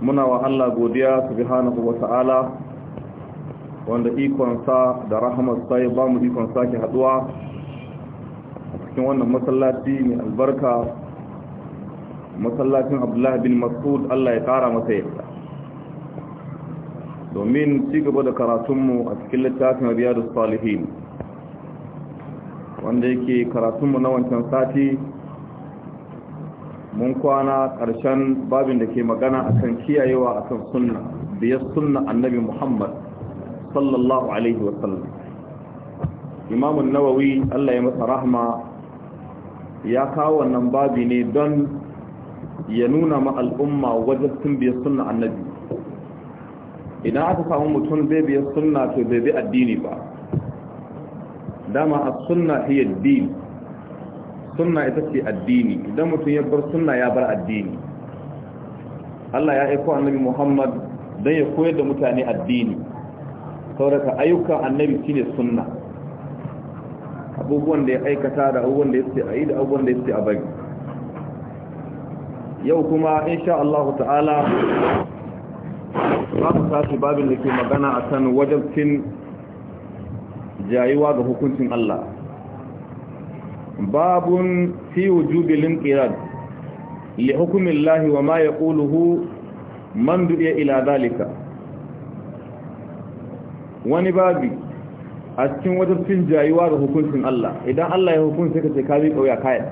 muna wa Allah godiya subhanahu wa ta'ala wanda ikonsa da rahamar sai ba mu ikon sake haduwa a cikin wannan masallaci mai albarka masallacin Abdullah bin Mas'ud Allah ya kara masa yadda domin ci gaba da karatunmu a cikin littafin Riyadus Salihin wanda yake karatunmu na wancan sati mun kwana ƙarshen babin da ke magana akan kiyayewa akan sunna ya sunna annabi muhammad sallallahu alaihi wasallam imamun nawawi allah ya masa rahma ya kawo wannan babi ne don ya nuna ma al'umma wajen sun biya sunna annabi idan aka samu mutum zai biya sunna to zai bi addini ba dama a sunna hiyar dini sunna ita ce addini idan mutum ya bar sunna ya bar addini Allah ya aiko annabi Muhammad don ya koyar da mutane addini sauraka ayyukan annabi shine sunna abubuwan da ya aikata da abubuwan da ya ce a yi da abubuwan da ya ce a bari yau kuma insha Allah ta'ala za mu tashi babin da ke magana kan wajabcin jayuwa ga hukuncin Allah babun fi wujubilin qirad li hukmillahi wa ma yaquluhu man du'iya ila zalika wani babi a cikin wajabcin jayuwa ga hukuncin Allah idan Allah ya hukunci ka sai ka bi kauya kayan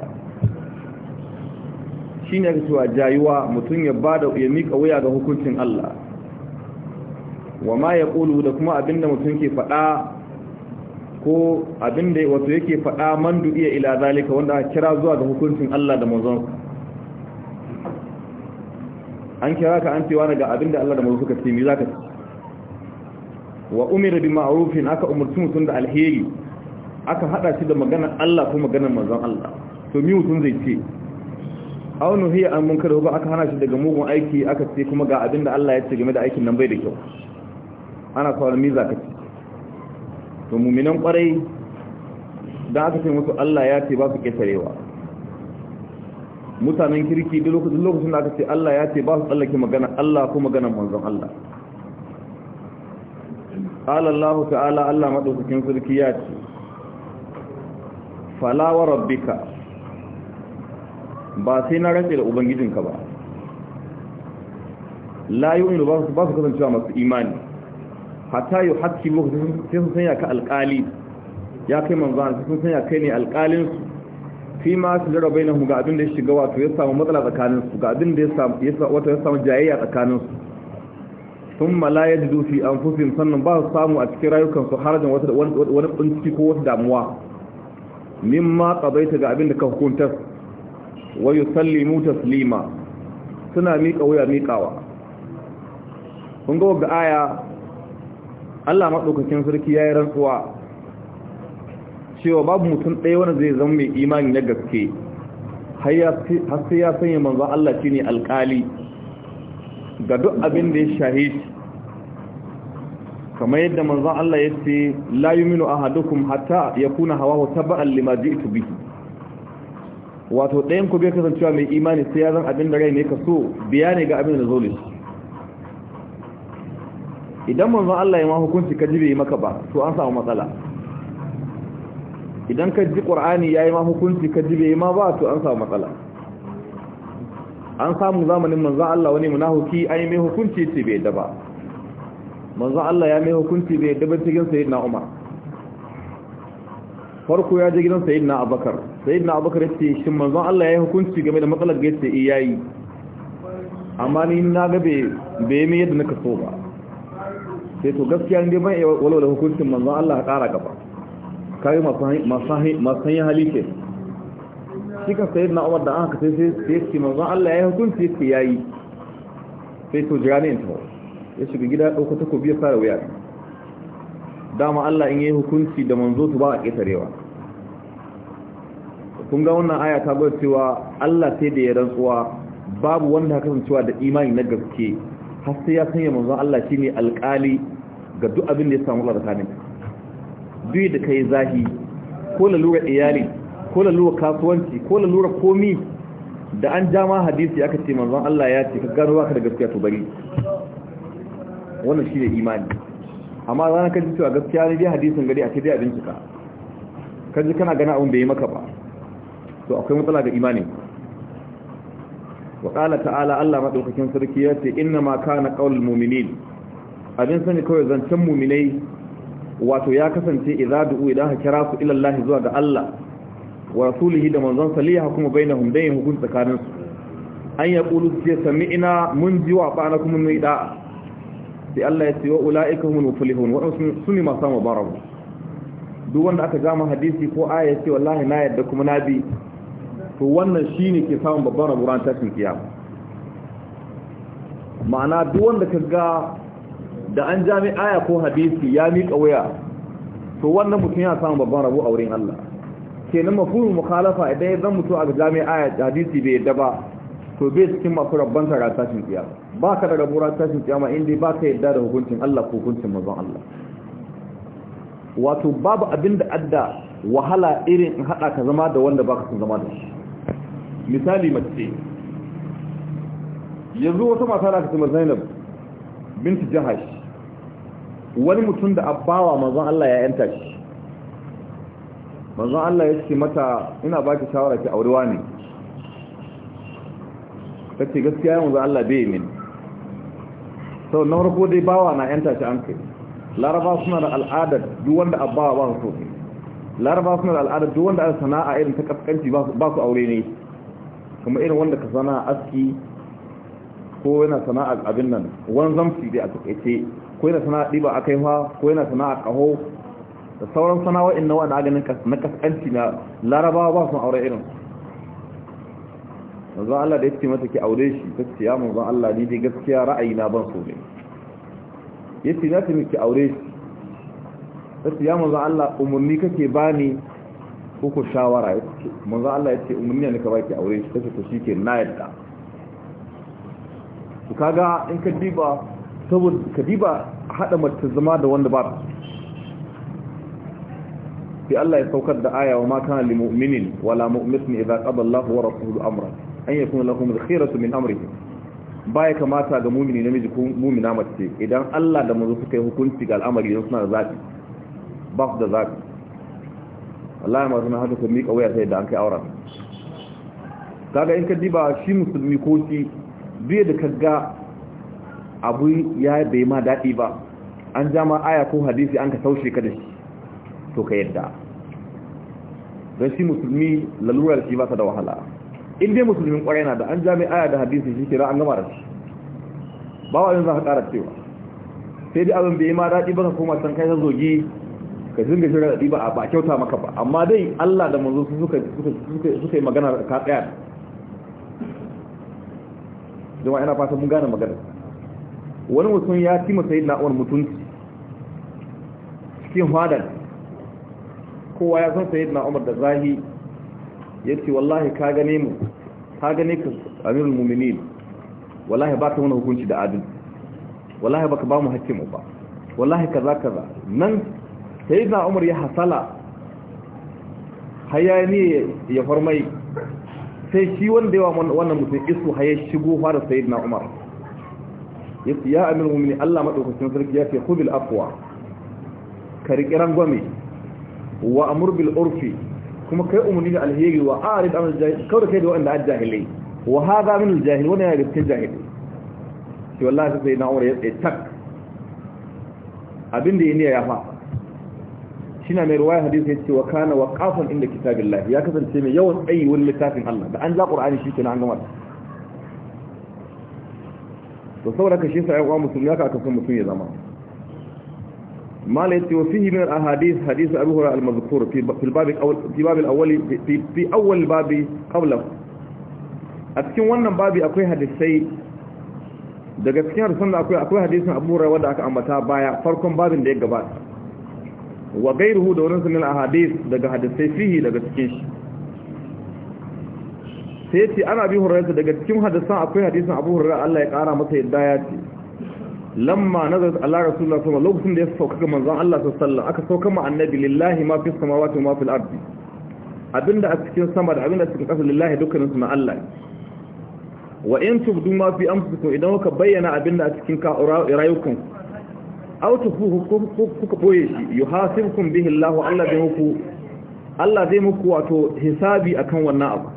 shi ne ka cewa jayuwa mutum ya bada ya miƙa wuya ga hukuncin Allah wa ma ya ƙulu da kuma abinda mutum ke faɗa ko abin da wato yake faɗa man iya ila zalika wanda aka kira zuwa ga hukuncin Allah da manzon an kira ka an cewa daga abin da Allah da manzon suka ce mi zaka wa umira bi ma'rufin aka umurtu mutun da alheri aka hada shi da maganar Allah ko maganar manzon Allah to mi mutun zai ce aw nuhiya an munkar ba aka hana shi daga mugun aiki aka ce kuma ga abin da Allah ya ce game da aikin nan bai da kyau ana fara mi zaka ci to muminan kwarai don aka ce musu Allah ya ce ba su ƙetarewa mutanen kirki duk lokacin da aka ce Allah ya ce ba su tsallake magana Allah ko magana manzon Allah qala Allah ta'ala Allah madaukakin sarki ya ce Falawa wa rabbika ba sai na rantsa da ubangijinka ba la yu'minu ba su kasancewa masu imani hatta yi haƙƙi muku sai sun sanya ka alƙali ya kai manzo sai sun sanya kai ne alƙalin su fi ma su jira bai na ga abin da ya shiga wato ya samu matsala tsakanin su ga abin da ya samu jayayya tsakanin su sun malaya da ji dufi an sannan ba su samu a cikin rayukansu harajin wani tsunci ko wata damuwa mimma ƙabaita ga abin da ka hukuntar wa yusallimu taslima suna miƙa wuya miƙawa kun ga aya Allah maɗaukakin sarki ya yi rantsuwa cewa babu mutum ɗaya wanda zai zama mai imani na gaske har sai ya sanya manzo Allah shi ne alƙali ga duk abin da ya shahi kamar yadda manzo Allah ya ce la yuminu ahadukum hatta yakuna hawahu taba'an lima ji'tu bihi wato ɗayan ku bai kasancewa mai imani sai ya zan abin da rai ne ka so biya ne ga abin da zo da idan manzon Allah ya ma hukunci ka ji bai maka ba to an samu matsala idan ka ji qur'ani yayi ma hukunci ka ji bai ma ba to an samu matsala an samu zamanin manzon Allah wani munafiki an yi mai hukunci ce bai da ba manzon Allah ya mai hukunci bai da ba cikin sayyidina Umar farko ya je gidan sayyidina Abubakar sayyidina Abubakar ya ce shin manzon Allah ya yi hukunci game da matsalar gaita iyayi eh, amma ni na ga bai bai mai yadda naka so ba sai to gaskiya ne ban walwala hukuncin manzon Allah ya kara gaba kai masu masahi hali ke shi ka sayid na umar da aka sai sai ya manzon Allah ya yi hukunci shi yayi ya yi sai to jira ne ta ya shiga gida ɗauka takobi ya fara wuya dama Allah in yi hukunci da manzo su ba a ƙetarewa kun ga wannan aya ta gwada cewa Allah sai da ya rantsuwa babu wanda kasancewa da imani na gaske har ya sanya manzon Allah shine alƙali ga duk abin da ya samu Allah tsakanin duk da kai zahi ko lalura iyali ko lalura kasuwanci ko lalura komi da an jama hadisi aka ce manzon Allah ya ce ka gano baka da gaskiya to bari wannan shi ne imani amma ranar kan cewa gaskiya ne dai hadisin gari a dai a bincika kan ji kana gana abin bai yi maka ba to akwai matsala ga imanin wa ƙala ta'ala Allah maɗaukakin sarki ya ce inna ma kana ƙaunar muminin abin sani kawai zancen muminai wato ya kasance idza du'u idan ha kira su ila Allah zuwa ga Allah wa rasulihi da manzon saliha kuma bainahum dai hukun tsakanin su an yaqulu sai sami'na mun ji wa ba'ana kuma mun da sai Allah ya ce wa ulaika humul muflihun wa sunni ma duk wanda aka gama hadisi ko aya ce wallahi na yadda kuma na bi to wannan shine ke samun babban rabu ran tashin kiyama ma'ana duk wanda ka ga da an jami aya ko hadisi ya miƙa waya to wannan mutum ya samun babban rabu a wurin Allah kenan mafhumin mukhalafa idan zan mutu a jami aya hadisi bai yadda ba to bai cikin masu rabban ran tashin kiyama ba ka da rabu ran tashin kiyama inda ba ka yadda da hukuncin Allah ko hukuncin mazan Allah wato babu abin da adda wahala irin in haɗa ka zama da wanda baka sun zama da shi misali mace yanzu wata mata da kasima zainab binti jahash wani mutum da abawa manzon Allah ya yanta shi manzon Allah ya ce mata ina baki shawara ki aurewa ne kace gaskiya yanzu Allah bai min sau na farko dai bawa na yanta shi an kai laraba suna da al'adar duk wanda abawa ba su so laraba suna da al'adar duk wanda sana'a irin ta kaskanci ba su aure ne kuma irin wanda ka sana aski ko yana sana'a abin nan wani zamfi dai a takaice ko yana sana'a ɗiba a kaifa ko yana sana'a ƙaho da sauran sana'o'in na wani aganin na kaskanci na larabawa ba su aure irin manzon Allah da ya mata ki aure shi ta ce ya manzon Allah ni dai gaskiya ra'ayi na ban so ne ya ce za ta miki aure shi ta ce ya manzon Allah umarni kake bani ko ko shawara manzo Allah ya ce umarni ne ka baki aure shi kace to shike na yadda to kaga in ka diba saboda ka diba hada mace zama da wanda ba sai Allah ya saukar da aya wa ma kana lil mu'minin wala mu'minatin idza qada Allahu wa rasuluhu amran an yakuna lahum al-khiyaratu min amrihi baya kamata ga mumini namiji ko mumina mace idan Allah da manzo suka yi hukunci ga al'amari don suna da zafi ba su da zafi wallahi mazuna haka ta miƙa waya sai da an kai auren kaga in ka diba shi musulmi ko shi biya da kaga abu ya bai ma daɗi ba an ja ma aya ko hadisi an ka taushe ka da shi to ka yadda don shi musulmi lalurar shi ba ta da wahala in dai musulmin kwarai na da an ja mai aya da hadisi shi kira an gama da shi ba wa yanzu za ka ƙara cewa sai dai abin bai ma daɗi ba ka koma can kai ta zogi ka dinga shirya da ba a kyauta maka ba amma dai Allah da manzo suka suka suka yi magana ka tsaya jama'a ina fata mun gane magana wani mutum ya ci masa yadda awon mutunci cikin hadar kowa ya san sayyidina Umar da zahi yace wallahi ka gane mu ka gane ka amirul mu'minin wallahi ba ka wani hukunci da adil wallahi baka ba mu hakkin mu ba wallahi kaza kaza nan sai na umar ya hasala hayani ya farmai sai shi wanda yawa wannan mutum isu haye shigo fara sai na umar yace ya amir mu'mini Allah maɗaukacin sarki ya ce Kubil afuwa, ka riƙi rangwame wa amur bil urfi kuma kai umarni da alheri wa arid amal jahil kawai kai da waɗanda an jahilai wa za min jahil wani ya gaske jahil shi wallahi sai na umar ya tsaye tak abinda ya niya ya fa shina mai ruwaya hadisi yace wa kana waqafan inda kitabillah ya kasance mai yawan tsayi wani littafin Allah da an ja Qur'ani shi kenan an gama to saboda ka shi sai ayyuka musulmi haka aka san mutum ya zama mala yace wa fihi min ahadith hadith Abu Hurairah al-mazkur fi bab al-awwal fi bab al-awwal fi awwal bab a cikin wannan babi akwai hadisai daga cikin hadisan da akwai akwai hadisin Abu Hurairah wanda aka ambata baya farkon babin da ya gabata wa gairuhu da wurin sunan ahadis daga hadisai fihi daga cikin shi sai ce ana bi hurarsa daga cikin hadisan akwai hadisan abu hurarra Allah ya kara masa yadda ya ce lamma nazar Allah rasulullah sallallahu alaihi lokacin da ya sauka ga manzon Allah sallallahu aka sauka ma annabi lillahi ma fi samawati wa ma fil ardi abinda a cikin sama da abinda a cikin ƙasa lillahi dukkanin su na Allah wa in tubdu ma fi anfusikum idan ka bayyana abinda a cikin ka rayukanku aw tukuhu kuka boye shi kun bihi Allah Allah zai muku Allah zai muku wato hisabi akan wannan abu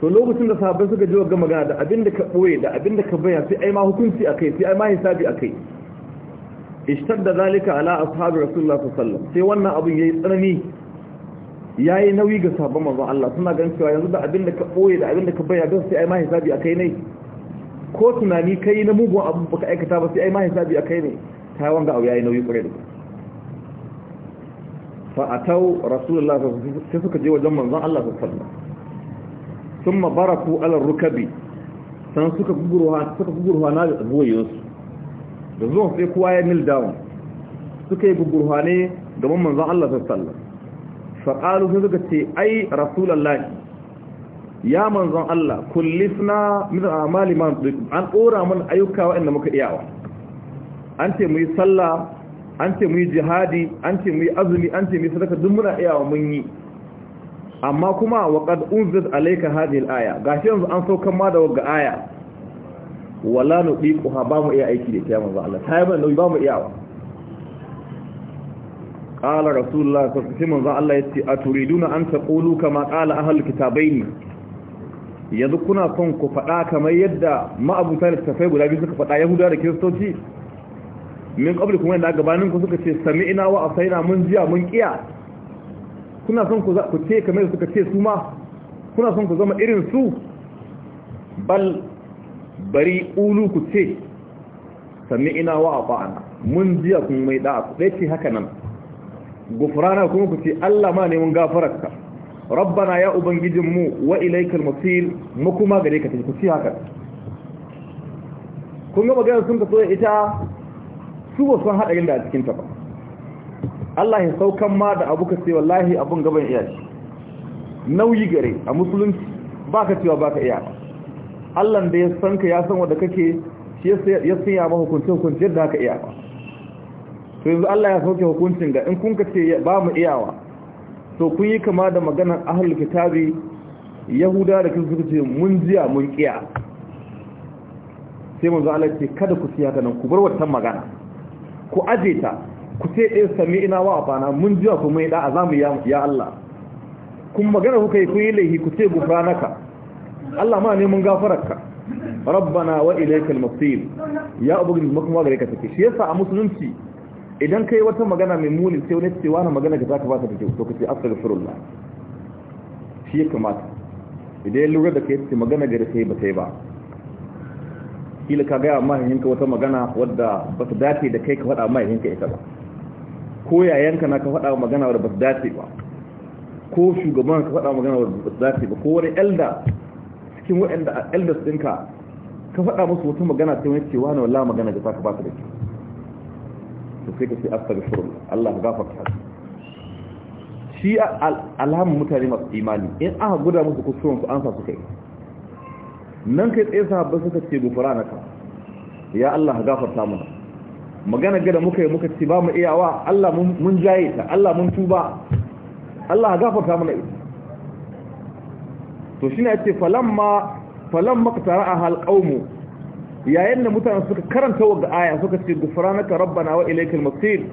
to lokacin da sahabban suka ji ga magana da abinda ka boye da abinda ka bayyana sai ai ma hukunci akai sai ai ma hisabi akai ishtadda zalika ala ashabi rasulullah sallallahu alaihi wasallam sai wannan abun yayi tsanani yayi nauyi ga sahabban manzon Allah suna ganin cewa yanzu da abinda ka boye da abinda ka bayyana sai ai ma hisabi akai ne ko tunani kai na mugun abu baka aikata ba sai ai ma hisabi kai ne ta wanga abu yayi nauyi kure da fa atau rasulullah sai suka je wajen manzon Allah sallallahu alaihi wasallam thumma baraku ala rukabi san suka gugurwa suka gugurwa na da boyen su da zuwa sai kowa ya kneel down suka yi gugurwa ne gaban manzon Allah sallallahu alaihi wasallam fa qalu suka ce ai rasulullahi ya manzon Allah kullifna min amali man an ƙora mun ayyuka waɗanda muka iyawa an ce mu yi sallah an ce mu yi jihadi an ce mu yi azumi an ce mu yi sadaka duk muna iyawa mun yi amma kuma wa qad unzil alayka hadhihi alaya aya gashi yanzu an saukan ma da wagga aya wala nuqiquha ba mu iya aiki da kiyama ba Allah sai ban ba mu iyawa qala rasulullah sallallahu alaihi wasallam Allah yace aturiduna an taqulu kama qala ahlul kitabaini yanzu kuna son ku faɗa kamar yadda ma'abuta tafai guda biyu suka faɗa yahudu da kiristoci min ƙabli kuma yadda gabanin ku suka ce sami ina wa asaina mun jiya mun kiya kuna son ku ce kamar suka ce su ma kuna son ku zama irin su bal bari ulu ku ce sami ina wa ba'ana mun jiya kun mai da'a ku ɗaya ce haka nan gufrana kuma ku ce Allah ma neman gafararka rabbana ya ubangijinmu wa ilaikal masir mu kuma gare ka tafi ku ci haka kun ga magana sun kaso ita su ba sun haɗa inda a cikin ta ba Allah ya saukan ma da abu ka ce wallahi abun gaban iya nauyi gare a musulunci baka cewa baka iya Allah da ya san ka ya san wanda kake shi ya sanya ma hukunci hukunci yadda haka iya to yanzu Allah ya sauke hukuncin ga in kun ka ce ba mu iyawa to kun yi kama da maganar ahlul kitabi yahuda da kan suka ce mun jiya mun kiya sai mun Allah ce kada ku siya ganin ku bar wannan magana ku aje ta ku ce eh, sami ina wa abana mun jiya ku mai da azamu ya ya Allah kun magana kuka yi kun yi laihi ku ce gufranaka Allah ma ne mun gafararka rabbana wa ilaykal masir ya ubangiji makuma gare ka take shi yasa a musulunci idan kai wata magana mai muni sai wani ce wani magana ka zaka bata da kyau to kace astaghfirullah shi ya kamata idan ya lura da kai ce magana gare sai ba sai ba kila ka gaya ka wata magana wadda ba ta dace da kai ka faɗa ka ita ba ko ka na ka faɗa magana wadda ba ta dace ba ko shugaban ka faɗa magana wadda ba ta dace ba ko wani elder cikin waɗanda elders ɗinka ka faɗa musu wata magana sai wani cewa na wallahi magana da ta ka ta da kyau to sai ka ce astaghfirullah Allah ya gafarta shi alhamun mutane masu imani in aka guda musu kusurin su ansa su kai nan kai tsaye sahabbai suka ce gufara naka ya Allah ya gafarta mana magana gada muka yi muka ce ba mu iyawa Allah mun jaye ta Allah mun tuba Allah ya gafarta mana ita to shine yace falamma falamma qtara'aha alqawmu yayin da mutane suka karanta wa ga aya suka ce gufranaka rabbana wa ilaykal masir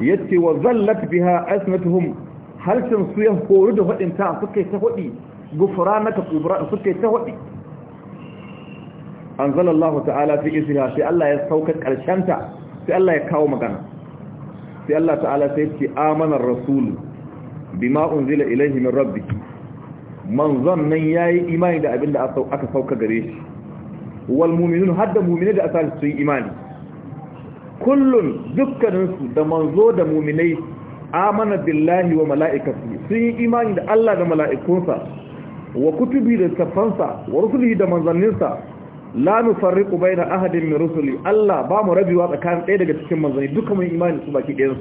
yace wa zallat biha asnatuhum halshin su ya horu da fadin ta suka ta fadi gufranaka kubra suka ta fadi anzalallahu ta'ala fi isha sai Allah ya sauka karshen ta sai Allah ya kawo magana sai Allah ta'ala sai yace amana rasul bima unzila ilayhi min rabbih manzon nan yayi imani da abinda aka sauka gare shi wal mu'minun hadda mu'mine da asali sun imani Kullum dukkaninsu da manzo da mu'minai amana billahi wa mala'ikatihi sun yi imani da Allah da mala'ikunsa wa kutubi da tafansa wa rusuli da manzanninsa la nufarriqu baina ahadin min rusuli Allah ba mu rabiwa tsakanin ɗaya daga cikin manzanni duka mun imani su baki ɗayan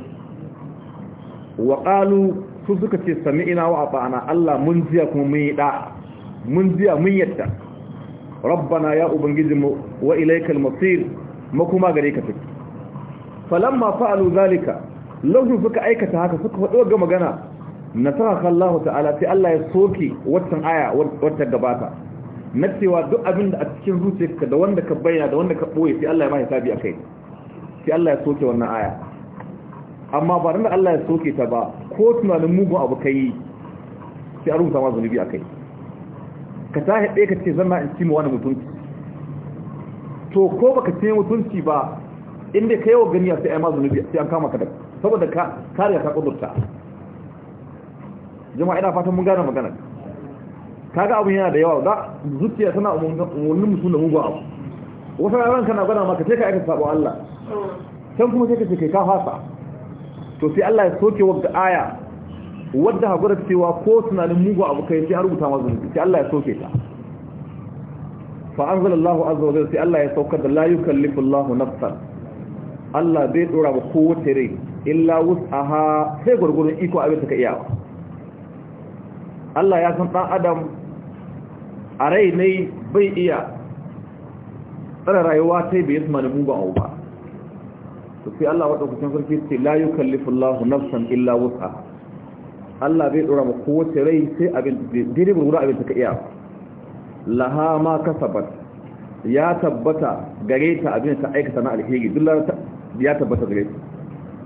su wa qalu su suka ce ina wa ata'ana Allah mun jiya kuma mun yi da mun jiya mun yadda rabbana ya ubangijinmu wa ilaikal masir makuma gare ka take falamma fa'alu zalika lokacin suka aikata haka suka faɗo ga magana nasaraka Allah ta'ala sai Allah ya soke waccan aya wacce gabata na cewa duk abin a cikin zuciyarka da wanda ka bayyana da wanda ka boye sai Allah ya ma hisabi akai sai Allah ya soke wannan aya amma ba da Allah ya soke ta ba ko tunanin mugun abu kai sai a rubuta ma zunubi akai ka ta ɗaya ka ce zanna in ci wani mutunci to ko baka ce mutunci ba inda ka yawa gani sai ma zunubi sai an kama ka da saboda ka kariya ta kudurta jama'a ina fatan mun gane magana kaga abun yana da yawa da zuciya tana umurnin mutum da mugu abu wasu ranar kana gana maka ce ka aika sabon Allah mm. can kuma sai ka ce kai ka fasa to sai Allah ya soke wa aya wadda haƙura cewa ko tunanin mugu abu kai sai a rubuta ma zunubi sai Allah ya soke ta fa Allah azza wa jalla sai Allah ya saukar da la yukallifu Allahu nafsan Allah bai dora ba kowace rai illa wus'aha sai gurguru iko abin ta ka ba. Allah ya san dan adam a rai ne bai iya tsara rayuwa sai bai yi mugu abu ba to sai Allah wadda kusan sarki sai la yukallifu Allahu nafsan illa wus'aha Allah bai dora ma kowace rai sai abin daidai gurgura abin ta ka iya laha ma kasabat ya tabbata gare ta abin ta aikata na alheri duk ya tabbata gare ta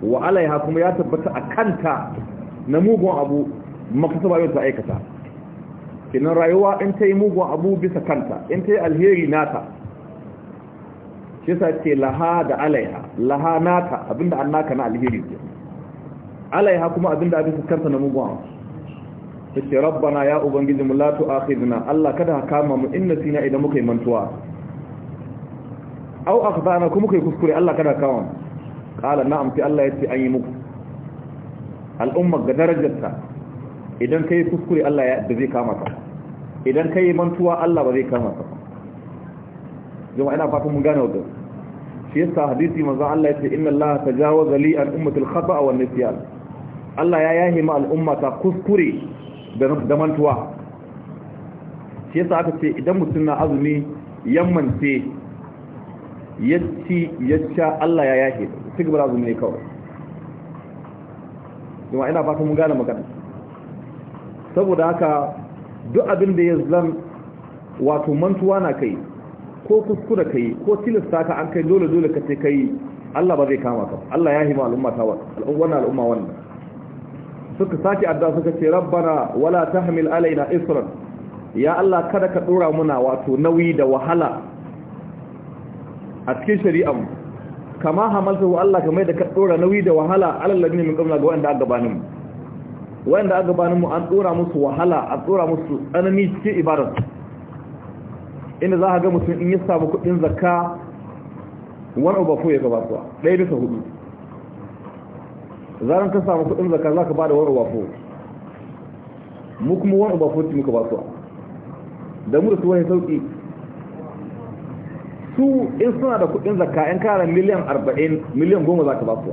wa alaiha kuma ya tabbata a kanta na mugun abu makasaba yau ta aikata kinan rayuwa in ta yi mugun abu bisa kanta in ta yi alheri nata shi sa ce laha da alaiha laha nata abinda an naka na alheri ce alaiha kuma abinda abin kansa na mugun abu yace rabbana ya ubangiji mu la tu'akhidna Allah kada ka kama mu inna sina idan muka yi mantuwa Au aw akhdana kuma kai kuskure Allah kada ka kama qala na'am fi Allah ce an yi muku Al'ummar ga darajarta idan ka yi kuskure Allah ya da zai kama ka idan ka yi mantuwa Allah ba zai kama ka jama'a ina fatan mun gane wannan shi yasa hadisi manzo Allah ya yace inna Allah tajawaza li an ummatil a wannan nisyan Allah ya yahe ma al'umma ta kuskure da mantuwa shi yasa aka ce idan mutum na azumi yammance ya ci ya sha Allah ya yahe su gaba azumi ne kawai yawa ina fata mun gane magana saboda haka duk abin da ya zan wato mantuwa na kai ko kuskure kai ko tilasta ka an kai dole dole ka ce kai Allah ba zai kama ka Allah ya hima al'umma ta wannan al'umma wannan suka sake addu'a suka ce rabbana wala tahmil alaina isran ya Allah kada ka dora muna wato nauyi da wahala a cikin shari'am kama hamaltu Allah kamar da ka dora nauyi da wahala alal ladina min qabla ga wanda aka gabanin mu wanda aka gabanin mu an dora musu wahala an dora musu tsanani cikin ibadar inda za ka ga mutum in ya samu kudin zakka wani ba ko ya gabatuwa ɗaya bisa hudu zaran ka samu kudin ka zaka bada wani wafo mu kuma wani wafo ci muka ba su da mu da su wani sauki su in suna da kudin zakka yan kara miliyan 40 miliyan za zaka ba su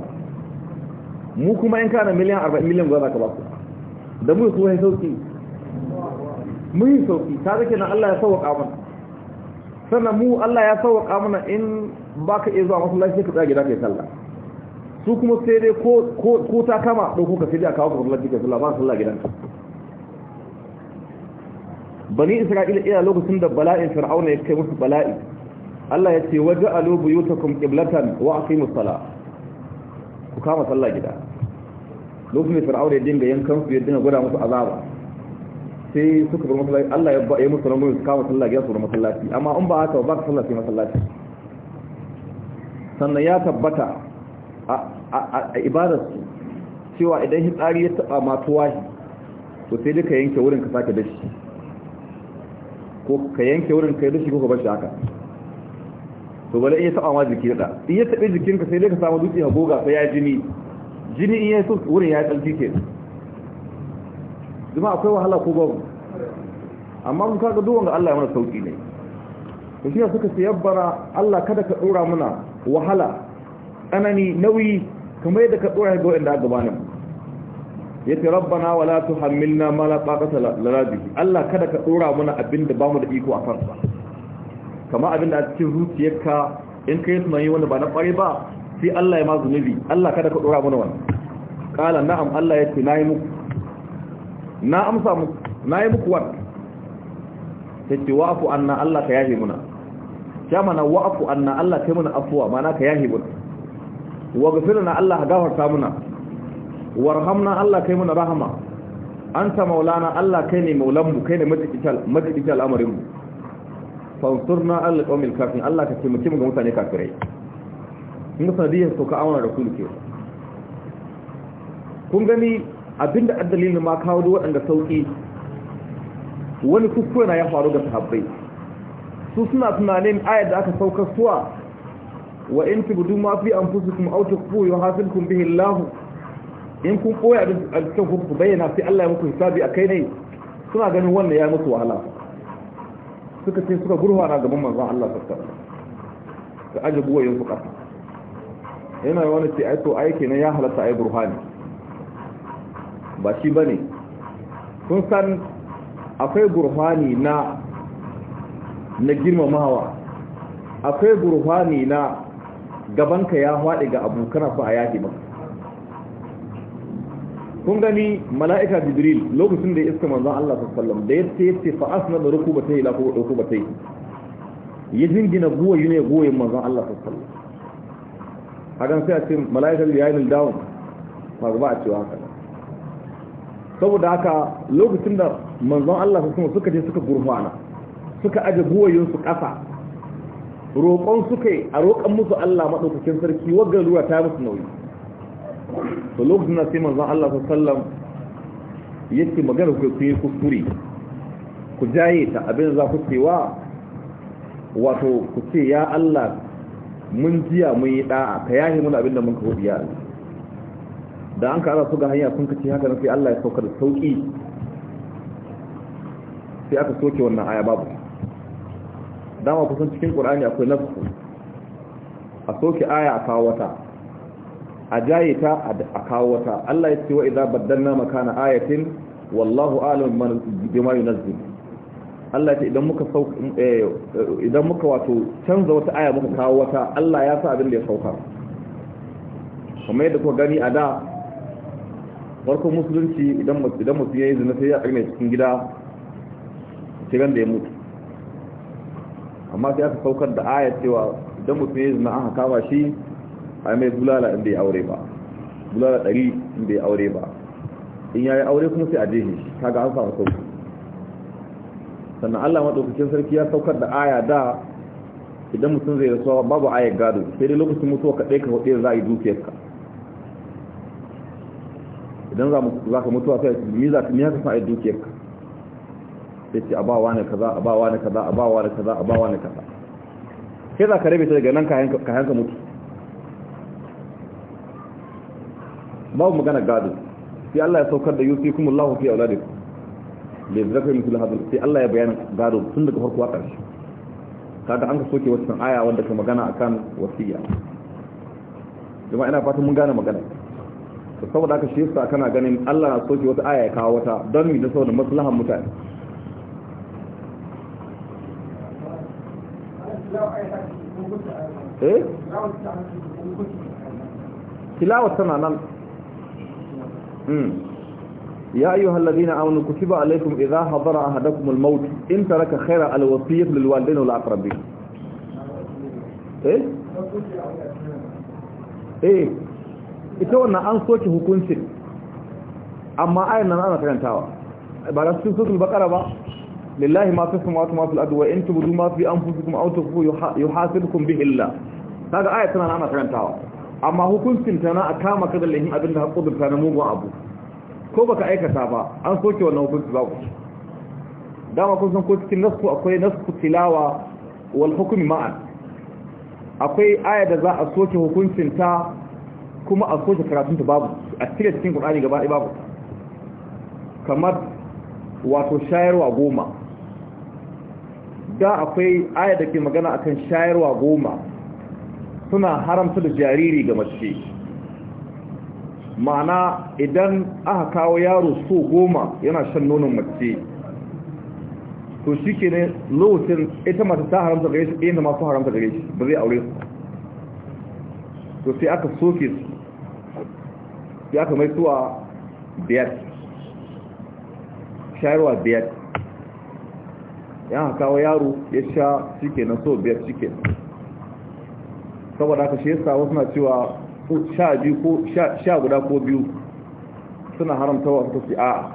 mu kuma yan kara miliyan 40 miliyan za zaka ba su da mu da su wani sauki mu yi sauki ta zake na Allah ya sauka mana sannan mu Allah ya sauka mana in baka iya zuwa masallaci ka tsaya gida kai sallah su kuma sai dai ko ta kama ɗauko ka sai dai a kawo ka sallar jikin sallah ba sallah gidanka bani isra'ila ina lokacin da bala'in fir'auna ya kai musu bala'i Allah ya ce waje alu buyutakum qiblatan wa aqimus sala ku kama sallah gida lokacin fir'auna ya dinga yankan su ya dinga gwada musu azaba sai suka bar masallaci Allah ya ba ya musu nan su kama sallah gida su bar masallaci amma in ba haka ba ka sallah sai masallaci sannan ya tabbata a ibadarsu cewa idan hitsari ya taɓa matuwa to sai duka yanke wurin ka sake dashi ko ka yanke wurin ka dashi ko ka bashi haka to bala iya taɓa ma jiki da in ya taɓe jikinka sai duka samu dutse goga sai ya jini jini in ya so wurin ya tsarki ke zuma akwai wahala ko babu amma mun kaga duwan ga Allah ya mana sauki ne to shi suka sayar bara Allah kada ka dora muna wahala tsanani nauyi kamar yadda ka tsoron ga wanda aka bani ya ce rabbana wa la tuhammilna ma la taqata lana bihi Allah kada ka tsora mana abinda mu da iko a farsa kamar abin da cikin zuciyarka in kai tunanin wani ba na kware ba sai Allah ya ma zunubi Allah kada ka tsora mana wani. Kala na'am Allah ya ce yi muku na amsa muku yi muku wannan sai wa'fu anna Allah ka yahi muna kama na wa'fu anna Allah kai muna mana ka yahi muna wa gafirna Allah gafarta muna warhamna Allah kai muna rahama anta maulana Allah kai ne maulanmu kai ne majiɗi al'amarinmu fansurna Allah qawmil kafin Allah ka taimake mu ga mutane kafirai in sanadiyar to ka auna da kulu ke kun gani abinda addalilin ma kawo da waɗanda sauƙi wani kuskure na ya faru ga sahabbai su suna tunanin ayar da aka saukar suwa wa in tubdu ma fi anfusikum aw tukhfu yuhasibkum bihi Allah in kun koya da cikin ku bayyana sai Allah ya muku hisabi akai ne suna ganin wannan ya musu wahala suka ce suka gurfana gaban manzon Allah sallallahu alaihi wasallam da ajabu wa yanzu yana wani ce ai to ai kenan ya halatta ai burhani ba shi bane kun san akwai burhani na na girmamawa akwai burhani na gabanka ya haɗe ga abu kana so a yaƙi ba. kun gani mala'ika jibril lokacin da ya iska manzon Allah sallallahu alaihi wasallam da ya ce fa asna da ba ta yi ya jingina guwa yune goyen manzon Allah sallallahu alaihi wasallam hakan sai a ce mala'ika ya yi down ba ba a cewa haka saboda haka lokacin da manzon Allah sallallahu suka je suka gurfana suka aje guwayen su ƙasa roƙon suka yi a roƙon musu Allah maɗaukakin sarki wagga ruwa ta musu nauyi to lokacin na sai manzon Allah sallam ce magana ku ku yi kuskure ku jaye ta abin za ku cewa wato ku ce ya Allah mun jiya mun yi ɗa'a, ka yahi mun abin da mun kawo biya da an kara su ga hanya sun kace haka na sai Allah ya sauka da sauki sai aka soke wannan aya babu dama kusan cikin ƙur'ani akwai nafsu a soke aya a kawo wata a jaye ta a kawo wata Allah ya ce wa idza baddalna makana ayatin wallahu a'lam bima yunzil Allah ya ce idan muka sauka eh, idan muka wato canza wata aya muka kawo wata Allah ya sa abin da ya sauka kuma yadda kuka gani a da farkon musulunci idan idan mutum yayi zina sai ya tsare cikin gida sai ganda ya mutu amma sai aka saukar da aya cewa idan mutum ya zina aka kama shi a mai bulala inda ya aure ba bulala ɗari inda ya aure ba in ya yi aure kuma sai a jehe shi ga an samu sauki sannan allah maɗaukacin sarki ya saukar da aya da idan mutum zai rasuwa babu aya gado sai dai lokacin mutuwa kaɗai ka hudu za a yi dukiyarka idan za ka mutuwa sai ni za ka san a yi dukiyarka sai ce a ba wani kaza a ba wani kaza a ba wani kaza a ba wani kaza sai za ka rabe ta daga nan kayan ka mutu babu magana gado sai Allah ya saukar da yusi kuma Allah fi auladi da ya zaka mutu lahadin sai Allah ya bayyana gado tun daga farko a ƙarshe kaga an ka soke wata aya wanda ka magana akan wasiya kuma ina fatan mun gane magana saboda haka shi yasa kana ganin Allah na soke wata aya ya kawo wata don mu da saboda maslahar mutane eh tilawa tana nan يا أيها الذين آمنوا كتب عليكم إذا حضر أحدكم الموت إن ترك خير الوصية للوالدين والأقربين إيه إيه ita wannan an soke hukuncin amma ayin nan ana karantawa ba da sun sukul bakara ba lillahi ma fi samawati ma fil ardi wa in tubdu ma fi anfusikum aw tukhfu yuhasibukum bihi Allah kaga aya tana ana amma hukuncin tana a kama kada lahin abinda ka kudurta na abu ko baka aikata ba an soke wannan hukunci za ku dama kun san ko cikin nasku akwai nasku tilawa wal ma'an akwai aya da za a soke hukuncin ta kuma a soke karatun ta babu a cire cikin Qur'ani gaba ɗaya babu kamar wato shayarwa goma da akwai aya da ke magana akan shayarwa goma suna haramta da jariri ga mace ma'ana idan aka kawo yaro so goma yana shan nonon mace to shi ke ne lokacin ita mace ta haramta gare shi ɗaya masu haramta gare shi ba zai aure su to sai aka soke su sai aka mai suwa biyar shayarwa biyar yan kawo yaro ya sha cike na so biyar cike saboda aka shi yasa wasu na cewa sha biyu ko sha guda ko biyu suna haramta wa fi a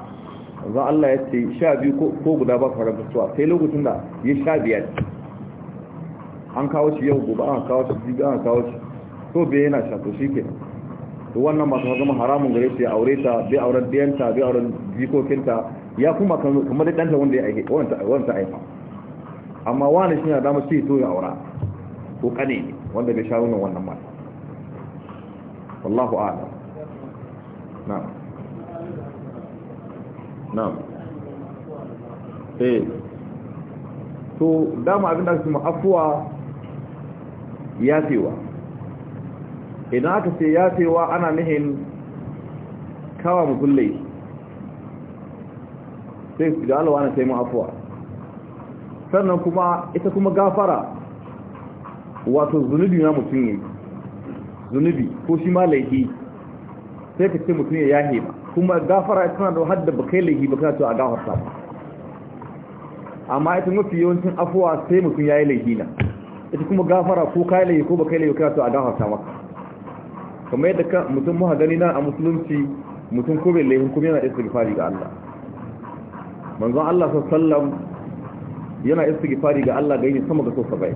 za Allah ya ce sha biyu ko guda ba su haramta suwa sai lokacin da ya sha biyar an kawo shi yau gobe an kawo shi jibi an kawo shi so biyar yana sha to shi ke to wannan masu zama haramun gare shi ya aure ta bai auren diyanta bai auren jikokinta ya kuma kamar da ɗanta wanda ya aiki wanda aifa amma wani shi na damar shi to ya aura ko kane ne wanda bai shawo nan wannan mata wallahu ala Na na eh to dama abin da su ma afuwa yafewa idan aka ce yafewa ana nihin kawa mu laifi sai da Allah wani sai mu afuwa sannan kuma ita kuma gafara wato zunubi na mutum ne zunubi ko shi ma laifi sai ka ce mutum ya yahe ba kuma gafara ita tana da hadda ba kai laifi ba kana cewa a gafarta ba amma ita mafi yawancin afuwa sai mutum yi laifi na ita kuma gafara ko kai laifi ko ba kai laifi kana cewa a gafarta maka kamar yadda mutum muka gani na a musulunci mutum ko bai laifin kuma yana da istighfari ga Allah manzon Allah sallallahu yana istighfari ga Allah gaini sama ga so 70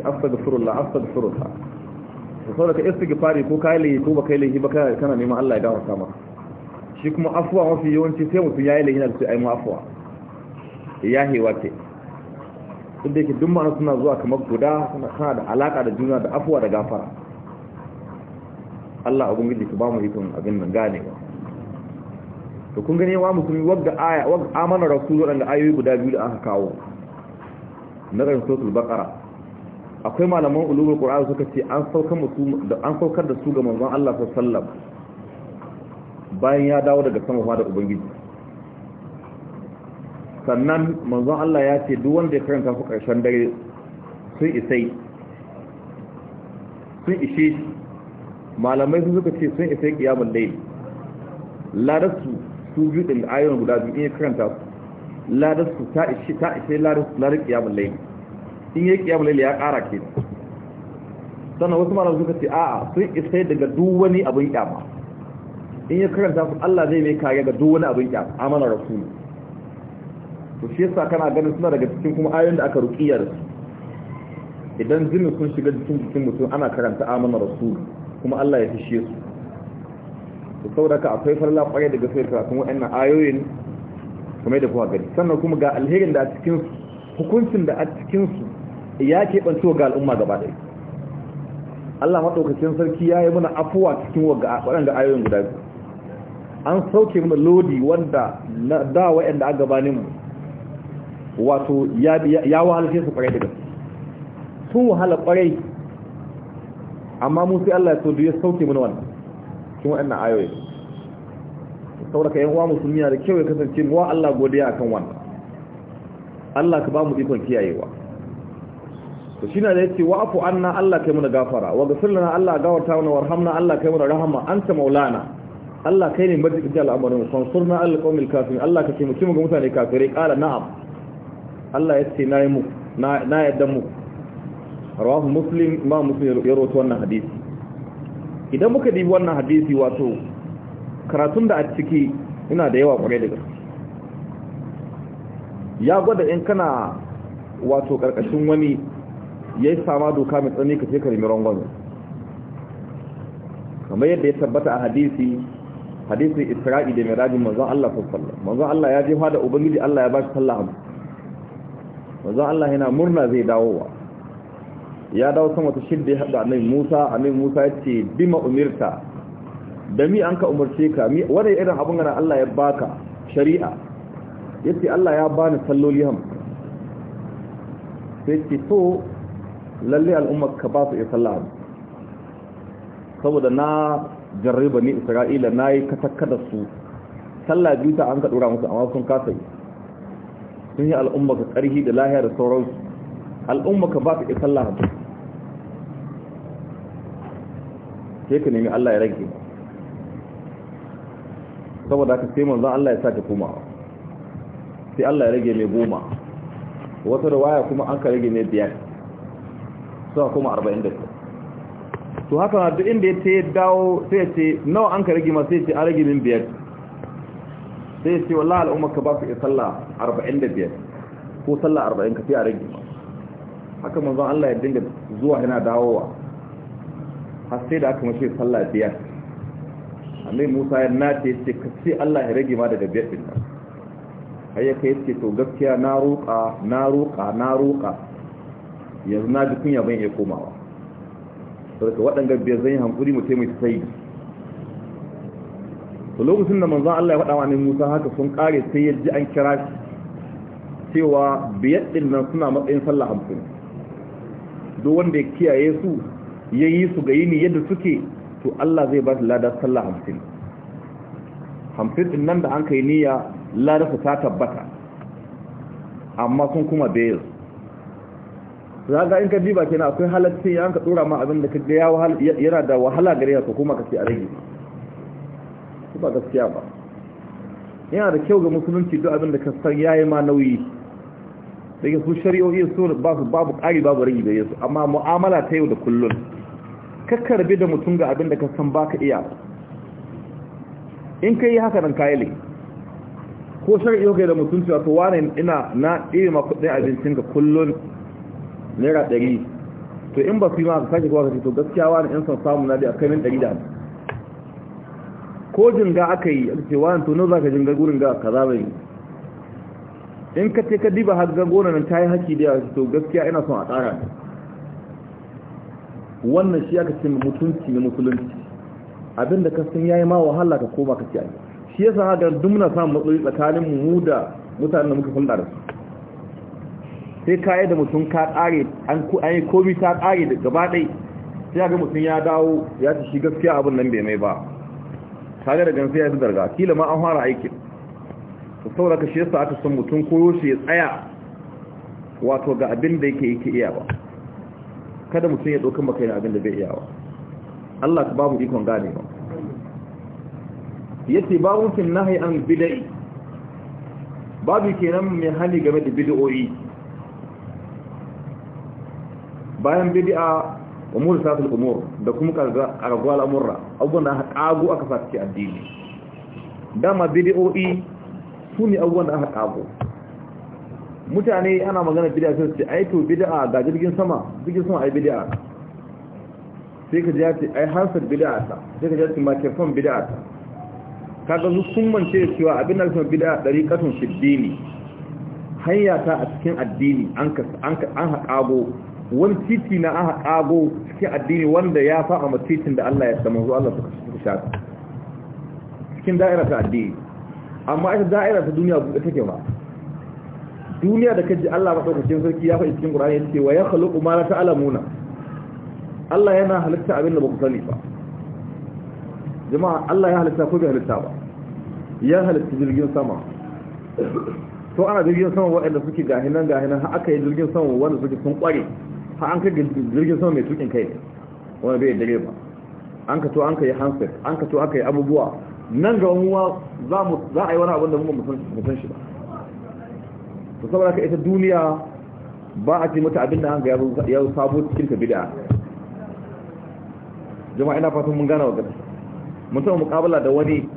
astaghfirullah astaghfirullah to saboda ka istighfari ko kai lahi ko bakai kai lahi ba kana neman Allah ya gafarta maka shi kuma afwa mafi yawanci sai mutum yayi lahi na sai ai mafwa ya hewa ce duk da yake duk ma'ana suna zuwa kamar guda suna da alaka da juna da afwa da gafara Allah abun gidi ku ba mu ikon abin nan ganewa to kun gane wa musulmi wagga aya wagga amana rasul da ayoyi guda biyu da aka kawo na kan suratul baqara akwai malaman ulumul qur'ani suka ce an saukar musu da an saukar da su ga manzon Allah sallallahu alaihi wasallam bayan ya dawo daga sama fa da ubangiji sannan manzon Allah ya ce duk wanda ya karanta ku karshen dare sun isai sun ishe malamai suka ce sun isai kiyamul layl ladarsu su biyu da ayoyin guda biyu in ya karanta su ladar su ta ishe ta ishe ladar su ladar kiyamun laili in ya kiyamun laili ya kara ke sannan wasu malam suka ce a'a sun isa daga duk wani abin kyama in ya karanta su Allah zai mai kage ga duk wani abin kyama amana rasulu to shi yasa kana ganin suna daga cikin kuma ayoyin da aka ruqiya da su idan jinin sun shiga cikin jikin mutum ana karanta amana rasulu kuma Allah ya fishe su to saboda ka akwai farla kwarai daga gaske karatun wa'annan ayoyin kuma da kuwa gani sannan kuma ga alherin da a cikin hukuncin da a cikin su ya wa ga al'umma gaba ɗaya Allah maɗaukacin sarki ya yi mana afuwa cikin waɗanda ayoyin guda biyu an sauke mana lodi wanda na da waɗanda a gabanin mu wato ya wahala wahalce su kwarai daga su, sun wahala kwarai amma mu sai Allah ya so duk ya sauke mana wannan cikin wa'annan ayoyi saboda kayan uwa musulmi da kyau ya kasance wa Allah godiya akan wannan Allah ka ba mu ikon kiyayewa to shi na da yace afu anna Allah kai mu gafara wa ghfir lana Allah gawarta mana warhamna Allah kai mu rahama anta maulana Allah kai ne majikin al'amarin sansurna alƙawmin kafirin Allah ka mu mu ga mutane kafirai ƙala na'am Allah ya ce na yadda mu rawahu muslim ma muslim ya rawato wannan hadisi idan muka dibi wannan hadisi wato karatun da a ciki ina da yawa kwarai da gaske ya gwada in kana wato karkashin wani ya yi sama doka mai tsani ka ce ka rangon kamar yadda ya tabbata a hadisi hadisi isra'i da mirajin manzon Allah sallallahu manzon Allah ya jefa da ubangiji Allah ya ba shi sallah manzon Allah yana murna zai dawowa ya dawo sama ta shidda ya haɗa annabi musa annabi musa ya ce bima umirta da mi an ka umarce ka Wani irin abin gana allah ya baka shari'a ya ce allah ya bani salloli ham sai ce to lalle al'ummar ka ba su iya sallah saboda na jarriba ni isra'ila na yi katakka da su sallah biyu ta an ka ɗora musu amma sun kasa yi sun yi al'ummar ka ƙarfi da lahiya da sauransu al'umma ka ba su iya sallah sai ka nemi Allah ya rage saboda haka sai manzon Allah ya ka kuma sai Allah ya rage mai goma wata riwaya kuma an ka rage mai biyar sai kuma 40 to haka duk inda ya ce dawo sai ya ce nawa an ka rage ma sai ya ce an rage min biyar sai ya ce wallahi al'umma ka ba su iya sallah 45 ko sallah 40 ka sai a rage ma haka manzon Allah ya dinga zuwa yana dawowa har sai da aka mace sallah biyar annai musa ya nace ce ka ce allah ya rage ma daga biyar din nan har ya kai ce to gaskiya na roƙa na roƙa na roƙa yanzu na ji kunya ban iya komawa saboda waɗanda biyar zan yi hankuri mu taimaki sai to lokacin da manzon allah ya faɗa wa musa haka sun ƙare sai ya ji an kira shi cewa biyar din nan suna matsayin sallah hamsin duk wanda ya kiyaye su ya yi su ga yini yadda suke to Allah zai ba su lada sallah hamsin hamsin din nan da an kai niyya lada su ta tabbata amma sun kuma bayar za ga in ka ke kenan akwai halatti an ka tsora ma abin da ka ga yana da wahala gare ka kuma ka ce a rage ba gaskiya ba yana da kyau ga musulunci duk abin da ka san yayi ma nauyi daga su shari'o'i su babu ƙari babu rigi da yesu, amma mu'amala ta yau da kullun Ka bi da mutum ga abin da ka san baka iya in ka yi haka nan kayale ko shari'i yau kai da mutum cewa to wane ina na ɗiri ma kuɗin abincin ka kullum naira ɗari to in ba su yi ma ka sake kowa ka ce to gaskiya wane in san samu na biya kai min ɗari da ko jinga aka yi aka ce wani to nan za ka jinga gurin ga kaza bai in ka ce ka diba har gagonan ta yi haki da yawa to gaskiya ina son a tsara ne wannan shi aka ce mutunci ne musulunci abinda ka san yayi ma wahala ka koma ka ci shi yasa haka duk muna samu matsayi tsakanin mu da mutanen da muka fulda da su sai kayi da mutum ka kare an yi komi ta kare da gaba dai sai ga mutum ya dawo ya ci shi gaskiya abin nan bai mai ba kaga da gansu ya fi zarga kila ma an fara to saboda sauraka shi yasa aka san mutum koyo shi ya tsaya wato ga abin da yake yake iya ba kada mutum ya ɗaukan maka yin abin da bai iyawa Allah ka babu ikon gane ba yace babu fin nahi an bid'i babu kenan mai hali game da bid'o'i bayan bid'a umur safil umur da kuma kargwa al'amurra abubuwan da aka kago aka fata addini dama bid'o'i su ne abubuwan da aka kago mutane ana magana bid'a sai ce ai to bid'a ga jirgin sama jirgin sama ai bid'a sai ka ji ya ce ai hansar bid'a ta sai ka ji ya ce bid'a ta kaga su sun mance cewa abin da kuma bid'a dariqatun shiddini hanya ta a cikin addini an ka an ka an haƙago wani titi na an haƙago cikin addini wanda ya fa ma titin da Allah ya sa manzo Allah suka sha cikin da'ira ta addini amma ita da'ira ta duniya buɗe take ba duniya da kaji Allah madaukakin sarki ya faɗi cikin Qur'ani ce wa ya yakhluqu ma ta'ala Muna. Allah yana halitta abin da ba ku sani ba jama'a Allah ya halitta ko bai halitta ba ya halitta jirgin sama to ana jirgin sama waɗanda suke gahinan gahinan ha aka yi jirgin sama wanda suke sun ƙware, ha an kai jirgin sama mai tukin kai wanda bai dare ba an ka to an ka yi handset an ka to aka yi abubuwa nan ga wani za a yi wani abin da mu ba mu san shi ba to saboda ka ita duniya ba a ce mata abinda an ga ya sabo cikin ta bid'a jama'a ina fatan mun gana wa gaba mun taɓa muƙabala da wani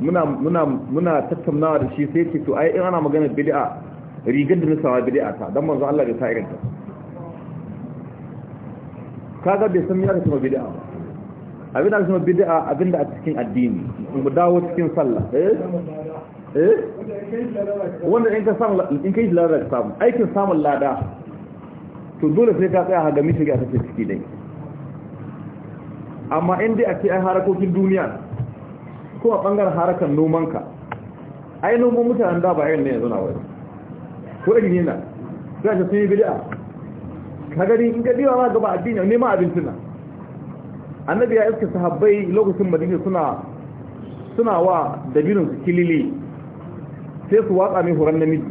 muna muna muna tattaunawa da shi sai ce to ai in ana magana bid'a rigar da nasawa bid'a ta dan manzo Allah ya sa irin ta kaga bai san yana aka cewa bid'a abin da aka cewa bid'a abinda a cikin addini mu dawo cikin sallah eh eh wanda in ka samu in kai lada ka samu aikin samun lada to dole sai ka tsaya haga mishi ga take ciki dai amma in dai ake ai harakokin duniya ko a bangaren harakan nomanka ai noman mutanen da ba irin ne yanzu na wai ko irin ne na sai ka sun yi bid'a kaga ni in ga biwa ma gaba addini ne ma abin nan annabi ya iska sahabbai lokacin madina suna suna wa dabinin su kilili sai su watsa mai horon namiji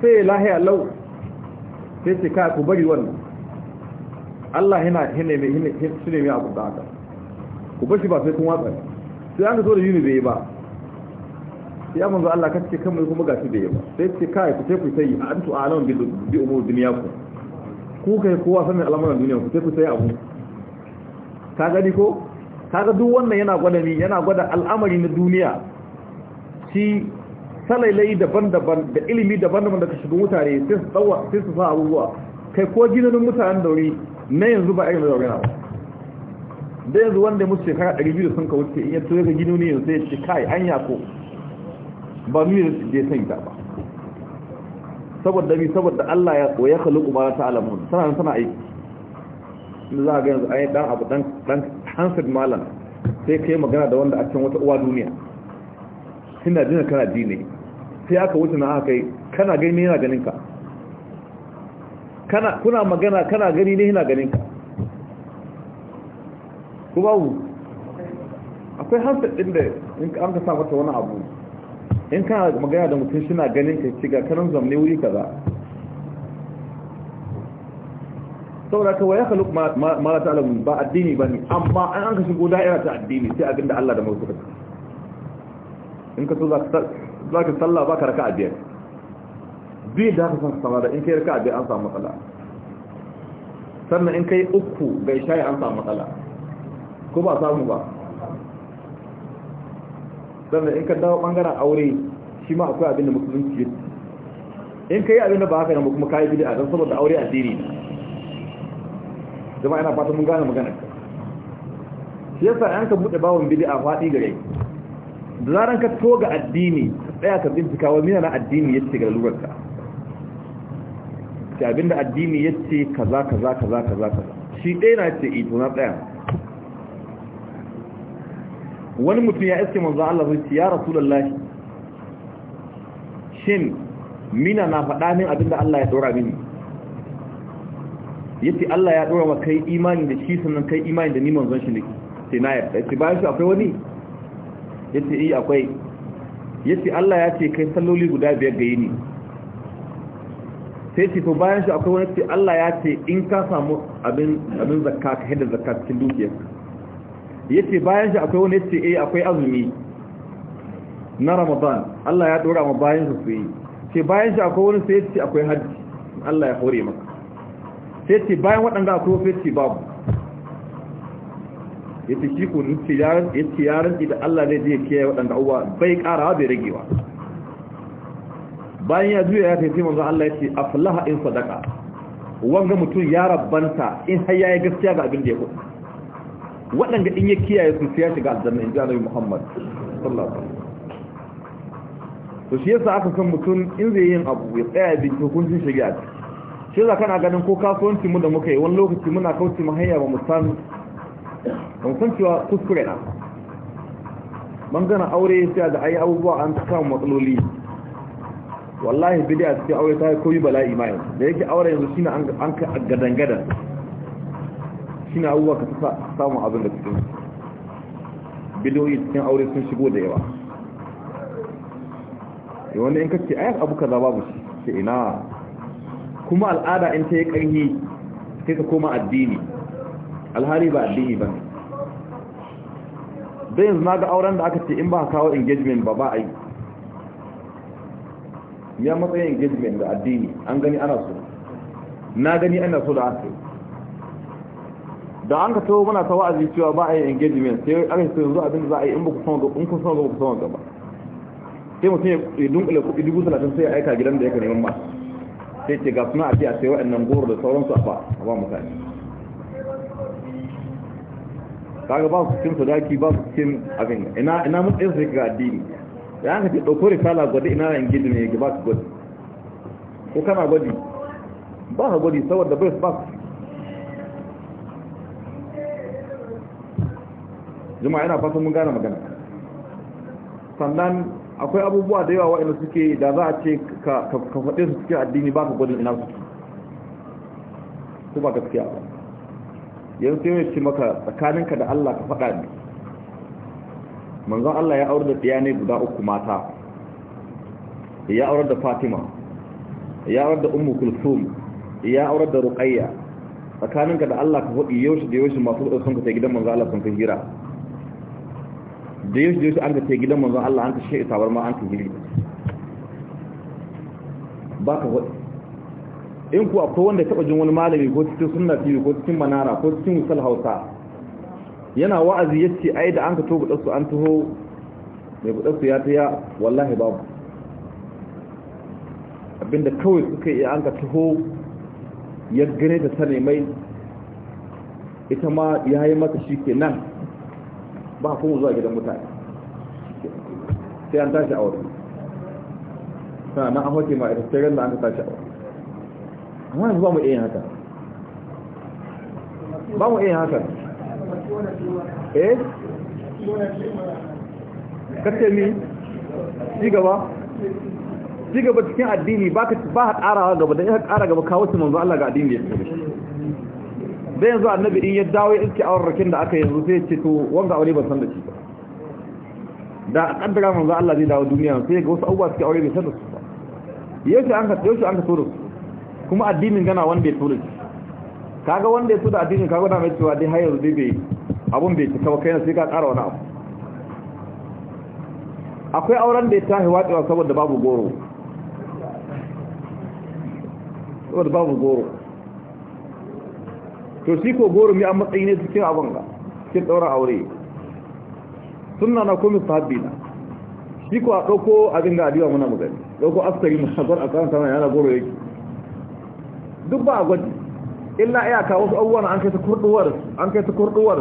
sai lahiya lau sai ce ka ku bari wannan Allah yana hine mai su ne mai abu da aka ku bashi ba sai kun watsa sai an zo da ne bai ba sai ya manzo Allah kace kan mai kuma gashi bai ba sai ce ka ku sai ku sai antu alam bi bi umur duniya ku ku kai kowa sanin al'amuran duniya ku sai ku sai abu ka gani ko kaga duk wannan yana gwada ni yana gwada al'amari na duniya ci salailai daban-daban da ilimi daban-daban da ta shiga mutane sai su tsawa sai su sa abubuwa kai ko jinanin mutanen dauri na yanzu ba irin dauri na ba da yanzu wanda ya musu shekara 200 sun ka wuce in ya tura ga ginoni yanzu ya ce kai an yako ba mu yi da ya ta ba saboda mi saboda Allah ya ya khaliqu ma ta'lamun sana sana aiki in za ga yanzu ai dan abu dan dan hansad malam sai kai magana da wanda a cikin wata uwa duniya Kina jina kana dini sai aka wuce na aka yi kana gani ne yana ganinka kana kuna magana kana gani ne yana ganinka ku babu akwai hansar ɗin da in an ka sa mata wani abu in kana magana da mutum suna ganin ka shiga ga kanan zamne wuri kaza saboda ka waya kaluk ma la ta'lamu ba addini bane amma an an ka shigo da'ira ta addini sai abinda Allah da mai suka in ka so za ka sallah ba ka raka a biyar biyu da aka san sama da in ka yi raka a biyar an samu matsala sannan in ka yi uku ga yi an samu matsala ko ba samu ba sannan in ka dawo bangaren aure shi ma akwai abin da musulunci in ka yi abin da ba haka yamma kuma kayi bidiyar don saboda aure addini zama ina fata mun gane magana shi yasa yanka buɗe bawon bidiyar faɗi gare da zaran ka toga addini tsaya ka bincika wa mina na addini ya ce ga lurarka ce abinda addini ya ce kaza kaza kaza kaza kaza shi ɗaya na ce ito eh, na tsaya wani mutum ya iske manzo Allah zai ya rasulullahi shin mina na faɗa min abinda Allah ya dora mini yace Allah ya dora maka kai imani da shi sannan kai imani da ni manzon shi ne sai na yarda sai bayan shi akwai wani ya ce iya eh, akwai ya ce Allah ya ce kai salloli guda biyar ga yini sai ce to bayan shi akwai wani ce Allah ya ce in ka samu abin zakka ka hidda zakka cikin dukiyar ya ce bayan shi akwai wani ce eh akwai azumi na ramadan Allah ya dora ma bayan su su yi ce bayan shi akwai wani sai ce akwai hajji Allah ya hore maka sai ce bayan waɗanda akwai sai ce babu yace shi ko duk yaran yace yaran da Allah ne zai kiyaye waɗanda uwa bai karawa bai ragewa bayan ya juya ya tafi manzo Allah yace aflaha in sadaqa wanga mutum ya rabbanta in har yayi gaskiya ga abin da ya faɗa waɗanda in ya kiyaye su sai ya shiga aljanna in ji Annabi Muhammad sallallahu alaihi wasallam to shi yasa aka san mutum in zai yin abu ya tsaya bin hukuncin shari'a shi yasa kana ganin ko kasuwanci mu da muka yi wani lokaci muna kauce mu hanya ba mu san ban san cewa kuskure na bangaren aure sai da yi abubuwa an ta samun matsaloli wallahi bidiya cikin aure ta koyi bala'i ma da yake aure yanzu shine an ka gadan shi shine abubuwa ka samu abin da cikin bidiyoyi cikin aure sun shigo da yawa da wanda in kace ayat abu kaza babu shi ce ina kuma al'ada in ta yi ƙarhi sai ka koma addini alhari ba addini ba ne da yanzu na ga auren da aka ce in ba kawo engagement ba ba a yi ya matsayin engagement da addini an gani ana so na gani ana so da aka da an ka tawo muna ta wa'azi cewa ba a yi engagement sai aka ce yanzu abin da za a yi in ba ku sama ga in ku sama ga ku sama ba. sai mutum ya dunkule kuɗi dubu talatin sai ya aika gidan da ya ka neman ba sai ce ga suna a ce a sai waɗannan goro da sauransu a ba mutane kaga ba su cikin sadaki ba su cikin abin ina ina matsayin su ga addini da an kace dauko risala gwada ina ran gidi ne ga ba su gwadi ko kana gwadi ba ka gwadi saboda bai ba jama'a ina fatan mun gane magana sannan akwai abubuwa da yawa waɗanda suke da za a ce ka faɗe su cikin addini ba ka gudun ina su ko ba gaskiya ba yanzu sai ce maka tsakaninka da Allah ka faɗa ne manzon Allah ya aure da ɗiya ne guda uku mata ya aure da Fatima ya aure da Ummu kulthum ya aure da Ruqayya tsakaninka da Allah ka faɗi yaushe da shi masu da sun ka ta gidan manzon Allah sun ka hira da yaushe da shi an ka ta gidan manzon Allah an ka shi tabar ma an ka hiri ba ka faɗi in ku akwai wanda taɓa jin wani malami ko cikin sunna tv ko cikin manara ko cikin misal hausa yana wa'azi ya ce ai da an ka to su an taho mai su ya taya wallahi babu abinda kawai suka iya an ka taho ya gane ta sane mai ita ma ya yi mata shi ke nan ba kuma zuwa gidan mutane sai an tashi a wata sana na an hoke ma ita sai ran da an ka tashi a wata amma ba mu iya haka ba mu iya haka eh kace ni cigaba gaba gaba cikin addini ba ka ba ƙarawa gaba dan ya kara gaba kawo su manzo Allah ga addini ya tsare da yanzu annabi in ya dawo ya iske awar rakin da aka yanzu sai ce to wanga aure ba san da shi ba da kaddara manzo Allah zai dawo duniya sai ga wasu abubuwa suke aure bai san da su ba yau an ka an ka tsoro kuma addinin gana wanda ya tura shi kaga wanda ya tura addinin kaga da mai cewa dai har yanzu dai bai abun bai cika ba kaina sai ka kara wani abu akwai auren da ya tahi watsewa saboda babu goro saboda babu goro to shi ko goro mai an matsayi ne cikin abin ga cikin ɗaura aure suna na komi sahabbi na shi ko a ɗauko abin ga adiwa muna magani ɗauko askari mahabar a kan sama yana goro yake duk ba a gwaji illa iyaka wasu na an kai ta kurduwar an kai ta kurduwar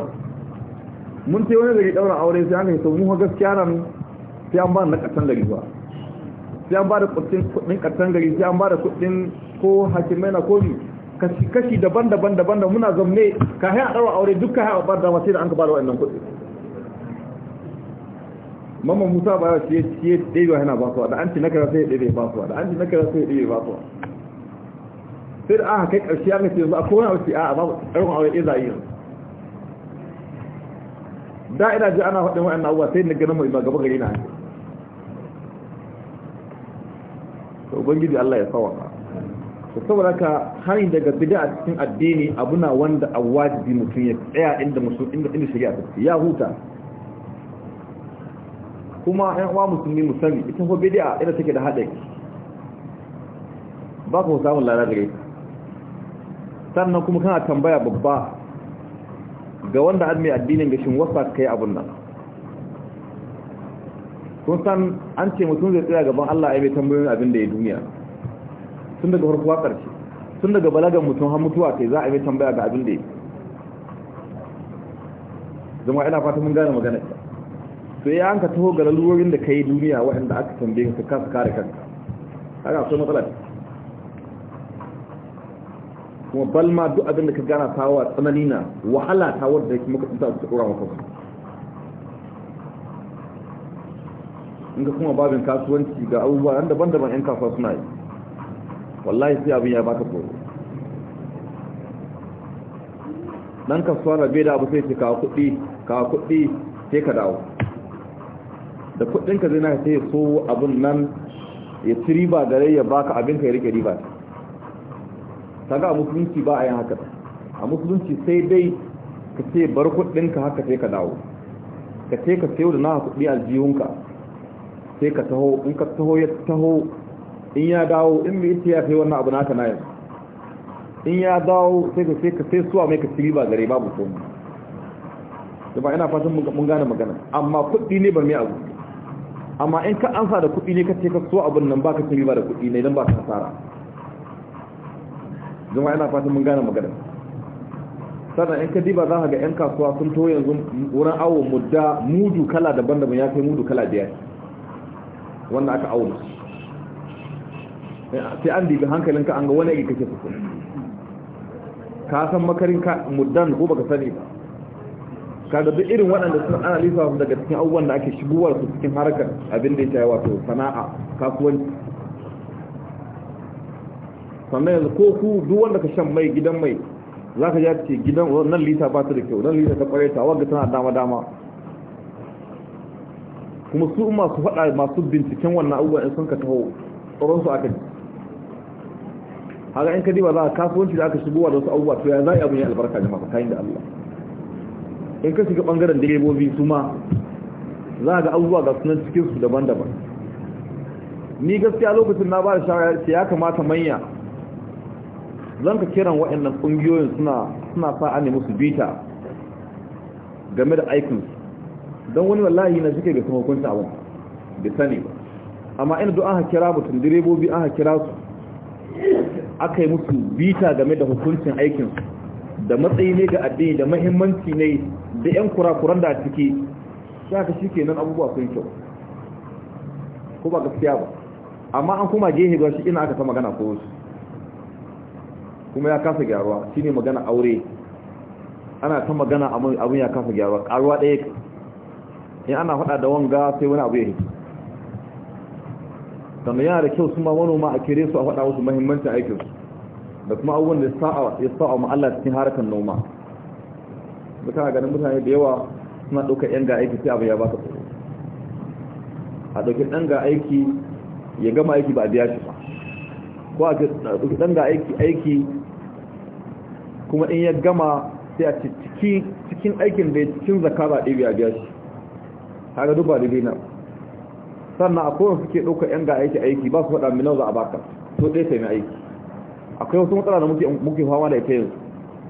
mun ce wani gari daura aure sai an kai sau muka gaskiya nan sai an ba na kasan gari ba sai an ba da kudin kasan gari sai an ba da kudin ko hakimai na komi kashi kashi daban-daban daban da muna zamne ka haya daura aure duk ka haya ba da wace da an ka ba da wannan kudi mamman musa ba ya ce ce ɗaya yana ba su da an ci na kira sai ya ɗaya ba su da an ci na sai ya ɗaya ba su sai da aka kai ƙarshe aka ce yanzu a wani a babu irin aure ɗaya yi yanzu da ina ji ana faɗin wa'annan abuwa sai na ganin mai gaba gari na To da ubangiji Allah ya sawaka to saboda ka hani daga bid'a a cikin addini abuna wanda a wajibi mutum ya tsaya inda musulmi inda inda shari'a ta ya huta kuma ɗan uwa musulmi musulmi ita ko bid'a ita take da haɗari ba ku samun lada gare ta sannan kuma kana tambaya babba ga wanda an mai addinin gashin wasa ka yi abin nan kun san an ce mutum zai tsaya gaban Allah ya mai tambayoyin abin da ya duniya tun daga farko ƙarshe tun daga balagan mutum har mutuwa kai za a mai tambaya ga abin da ya zama ina fata mun gane magana ta to ya an ka taho ga lalurorin da ka yi duniya waɗanda aka tambaye ka kasa kare kanka haka so matsala kuma balma duk abin da ka gana tawa tsanani na wahala ta wadda yake maka tsinta su tsakura maka su in ka kuma babin kasuwanci ga abubuwa yan daban-daban yan kasuwa suna yi wallahi sai abin ya baka tsoro dan kasuwa na bai da abu sai ce ka kuɗi ka kuɗi sai ka dawo da kuɗinka zai na sai so abin nan ya ci riba gare ya baka abin ka ya rike riba ta kaga a musulunci ba a yin haka a musulunci sai dai ka ce bar kuɗinka haka sai ka dawo ka ce ka sayo da na kuɗi aljihunka sai ka taho in ka taho ya taho in ya dawo in mai ita ya fi wannan abu naka na yanzu in ya dawo sai ka sai ka sai suwa mai ka ci riba gare babu komi ba ina fatan mun gane magana amma kuɗi ne ba mai abu amma in ka ansa da kuɗi ne ka ce ka so abin nan ba ka ci riba da kuɗi ne don ba ka tsara zama ina fatan mun gane magana sannan in ka diba za ka ga 'yan kasuwa sun to yanzu wurin awo mudda mudu kala daban-daban ya kai mudu kala biyar wanda aka awo sai an dibi hankalinka an ga wani yake kake su ka san makarin ka muddan ko baka sani ba ka ga duk irin waɗanda sun ana lisa daga cikin abubuwan da ake shigowar su cikin harkar abin da ya wato sana'a kasuwanci sannan yanzu ko ku duk wanda ka shan mai gidan mai za ka ja gidan nan lita ba ta da kyau nan lita ta kware ta wadda tana dama dama kuma su masu faɗa masu binciken wannan abubuwan in sun ka taho tsoron su aka haka in ka diba za a kasuwanci da aka shigo da wasu abubuwa to ya za a yi abin yin albarka ga masu kayan da Allah in ka shiga ɓangaren direbobi su ma za a ga abubuwa ga sunan cikinsu daban-daban ni gaskiya lokacin na ba da shawara ya kamata manya zan ka kiran waɗannan ƙungiyoyin suna sa ne musu bita game da aikinsu don wani wallahi na suke ga kuma hukunta abin da sani ba amma ina don aka kira mutum direbobi aka kira su aka yi musu bita game da hukuncin aikinsu da matsayi ne ga addini da mahimmanci ne da 'yan kurakuran da suke ciki shaka shi ke nan abubuwa sun kyau ko ba gaskiya ba amma an kuma gehe ba shi ina aka ta magana ko wasu kuma ya kasa gyaruwa shine magana aure ana ta magana abin ya kasa gyaruwa karuwa ɗaya in ana faɗa da wanga sai wani abu ya hito sannan yana da kyau su ma manoma a kere su a faɗa wasu mahimmancin aikinsu da kuma abubuwan da ya sa'a ma Allah cikin harkar noma da kana ganin mutane da yawa suna ɗaukar yan ga aiki sai abu ya ba ka tsoro a ɗauki ɗan ga aiki ya gama aiki ba a biya shi ba ko a ɗauki ɗan ga aiki aiki kuma in ya gama sai a cikin aikin da ya cikin zakara ba ɗaya biya biya shi haka duba da bina sannan a kowane suke ɗauka yan ga aiki aiki ba su faɗa mina za a baka to ɗaya sai mai aiki akwai wasu matsala da muke fama da ita yanzu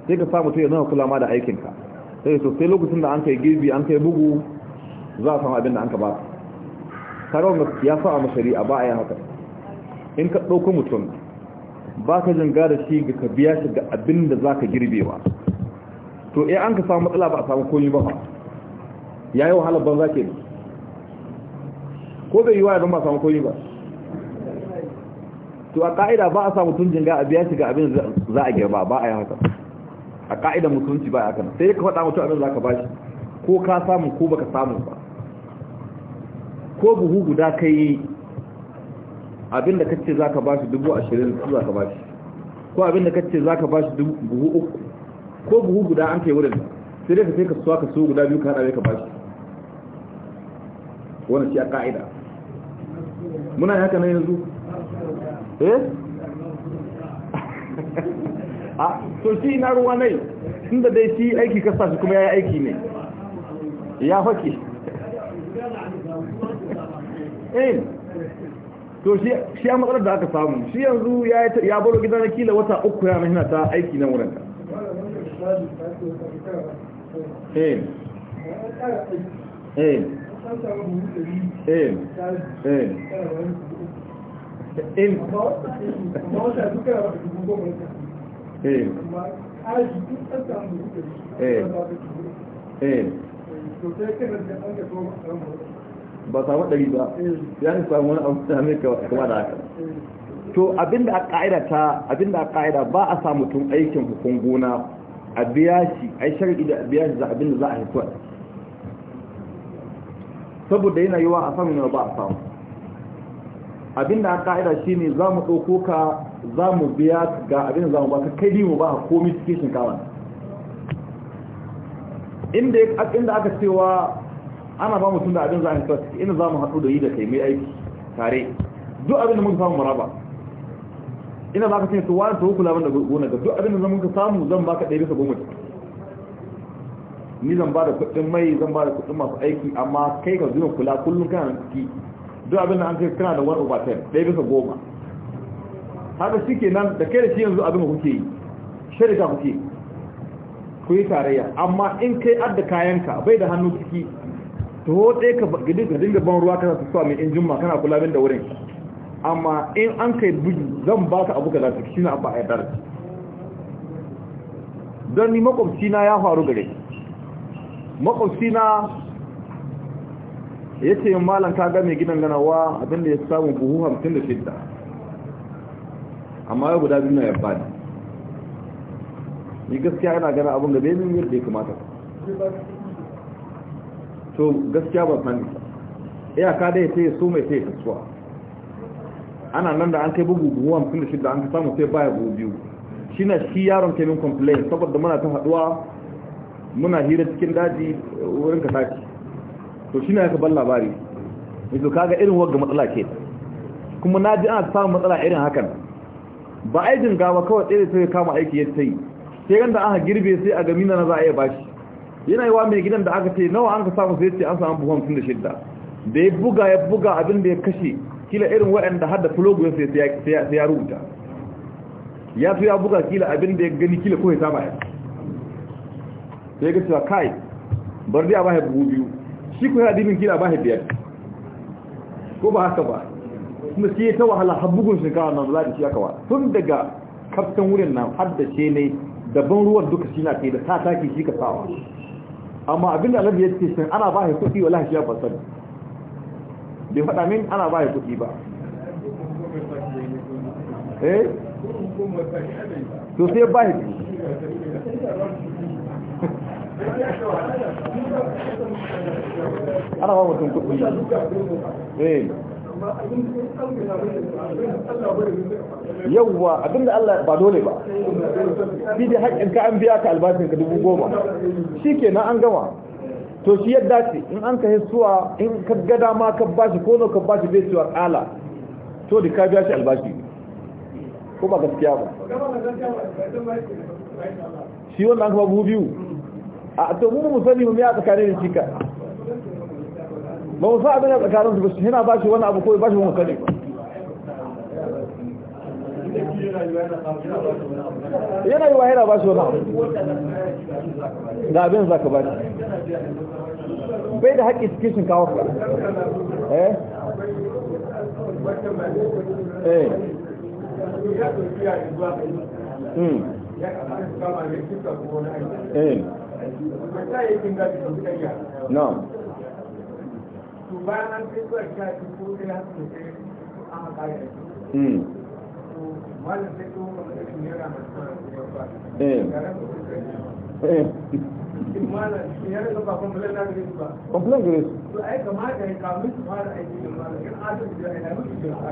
sai ka samu ya zama kula ma da aikinka sai so sai lokacin da an kai girbi an kai bugu za a samu abin da an ka ba ka ya sa a mashari'a ba a yi haka in ka ɗauko mutum ba ka jin gada shi ga ka biya shi ga abin da za ka girbewa to in an ka samu matsala ba a samu komi ba ya yi wahala ban za ke ko bai yi wa ya ba a samu komi ba to a ka'ida ba a samu tun jinga a biya shi ga abin za a girba ba a yi haka a ka'ida mutunci ba a haka sai ka faɗa mutu abin za ka ba shi ko ka samu ko baka samu ba ko buhu guda ka yi abin da kace zaka bashi dubu ashirin su zaka bashi ko abin da kace zaka bashi buhu uku ko buhu guda an kai wurin sai dai ka sai ka suwa ka so guda biyu ka hada ka bashi wannan shi a ka'ida muna haka na yanzu eh a ah, to shi na ruwa ne inda dai shi aiki ka sa shi kuma yayi aiki ne ya fake eh to shi ya matsalar da aka samu shi yanzu ya baro gida na kila wata uku ya mahina ta aiki na wurin eh eh eh eh in eh eh, eh. eh. ba samu ɗari ba mm. ya ni samu wani abu da mai kama da haka to abinda a ƙa'ida ta abinda a ƙa'ida ba a sa mutum aikin hukun gona a biya shi a shari'i da biya shi za abinda za a haifu saboda yana yiwa a samu ne ba a samu abinda a ƙa'ida shi ne za mu ɗauko ka za mu biya ga abinda za mu ba ka kai mu ba a komi cikin shinkawa inda aka cewa ana ba mutum da abin za a ciki ina za mu haɗu da yi da kai mai aiki tare duk abin da muka samu maraba ina za ka ce su wani ta hukula wanda gona ga duk abin da zama ka samu zan ba ka ɗaya bisa goma ni zan ba da kuɗin mai zan ba da kuɗin masu aiki amma kai ka zuwa kula kullum kana ciki duk abin da an kai kana da wani over ten ɗaya bisa goma haka shi ke nan da kai da shi yanzu abin da kuke yi shirka kuke ku yi tarayya amma in kai adda kayanka bai da hannu ciki to dai ka dinga ban ruwa kana su mai in juma kana kula min da wurin amma in an kai buji zan ba ka abu ka zafi shi na ba a yadda don ni makwabci na ya faru gare makwabci na ya ce yin malam ka ga mai gidan ganawa abinda ya samu buhu hamsin da shidda amma ya guda biyu na yabba ne ni gaskiya yana gana abin da bai min yadda ya kamata to gaskiya ba sani iyaka dai sai su mai sai kasuwa ana nan da an kai bugu buwan fili shi da an ka samu sai baya bugu biyu shi na shi yaron ke min complain saboda muna ta haduwa muna hira cikin daji wurin ka tashi to shi na ya kabar labari yanzu kaga irin wagga matsala ke kuma na ji ana samun matsala irin hakan ba aikin gawa kawai tsere sai kama aiki ya sai sai ganda aka girbe sai a gamina na za a iya bashi yana yi wa mai gidan da aka ce nawa an ka samu sai ce an samu buhon sun da shidda da ya buga ya buga abin da ya kashe kila irin waɗanda har da fulogu sai ya rubuta ya fi ya buga kila abin da ya gani kila ko ya saba ya sai ga cewa kai bar dai a bahe buhu biyu shi ko ya dimin kila a biyar ko ba haka ba kuma shi ya ta wahala har bugun shinkawa nan za da shi aka wa tun daga kaftan wurin nan har da ne daban ruwan duka shi na kai da ta taki shi ka sawa amma abin da annabi ya ce shin ana ba shi kuɗi wallahi shi ya fasar bai faɗa min ana ba shi kuɗi ba eh to sai ba shi ana ba mutum kuɗi eh yawwa abinda Allah ba dole ba shi da haƙƙin ka an biya ka albashin ka dubu goma shi ke na an gama to shi ya dace in an ka hisuwa in ka gada ma ka bashi ko no ka bashi bai ciwar ala to da ka biya shi albashi ko ba gaskiya ba shi wanda an kama bu biyu a to mu mu sani mu ya tsakanin shi ka ba wasu abin da tsakanin su ba shi yana ba shi wani abu kawai ba shi wani kare ba yana yi wa yana ba shi wani abu da abin za ka ba shi bai da haƙƙi cikin shinkawa ka eh eh ya kama da kisa ko wani aiki eh no bayan da ya sosai ya su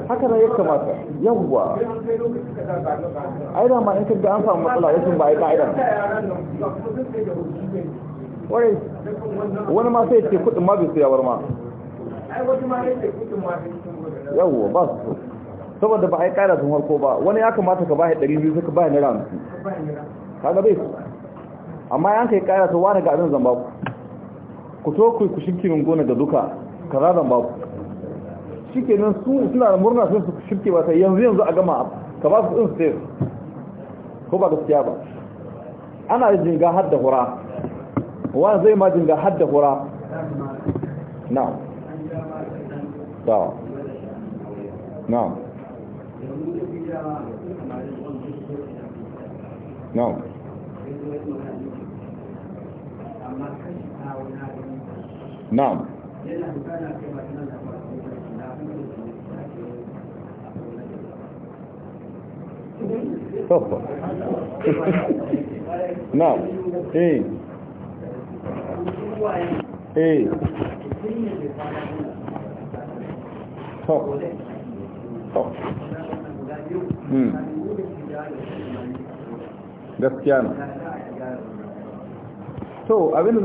haka na ya kamata yawwa aida ma in kaga an samu matsala wasu ba wani ma sai ce kudin ma bai ma yawo ba su saboda ba a yi kada sun harko ba wani ya kamata ka ɗari biyu suka bahi naira hamsin kaga bai su amma ya ka yi kada su wani ga abin zan ku to ku ku shirki min gona ga duka ka za zan shi ke nan su suna da murna sun su shirke ba sai yanzu yanzu a gama ka ba su su sai ko ba gaskiya ba ana jinga da hura wani zai ma jinga da hura na'am Tá. Não. Não. Não. Opa. Não. Ei. Ei. to to hmm. gaskiya ne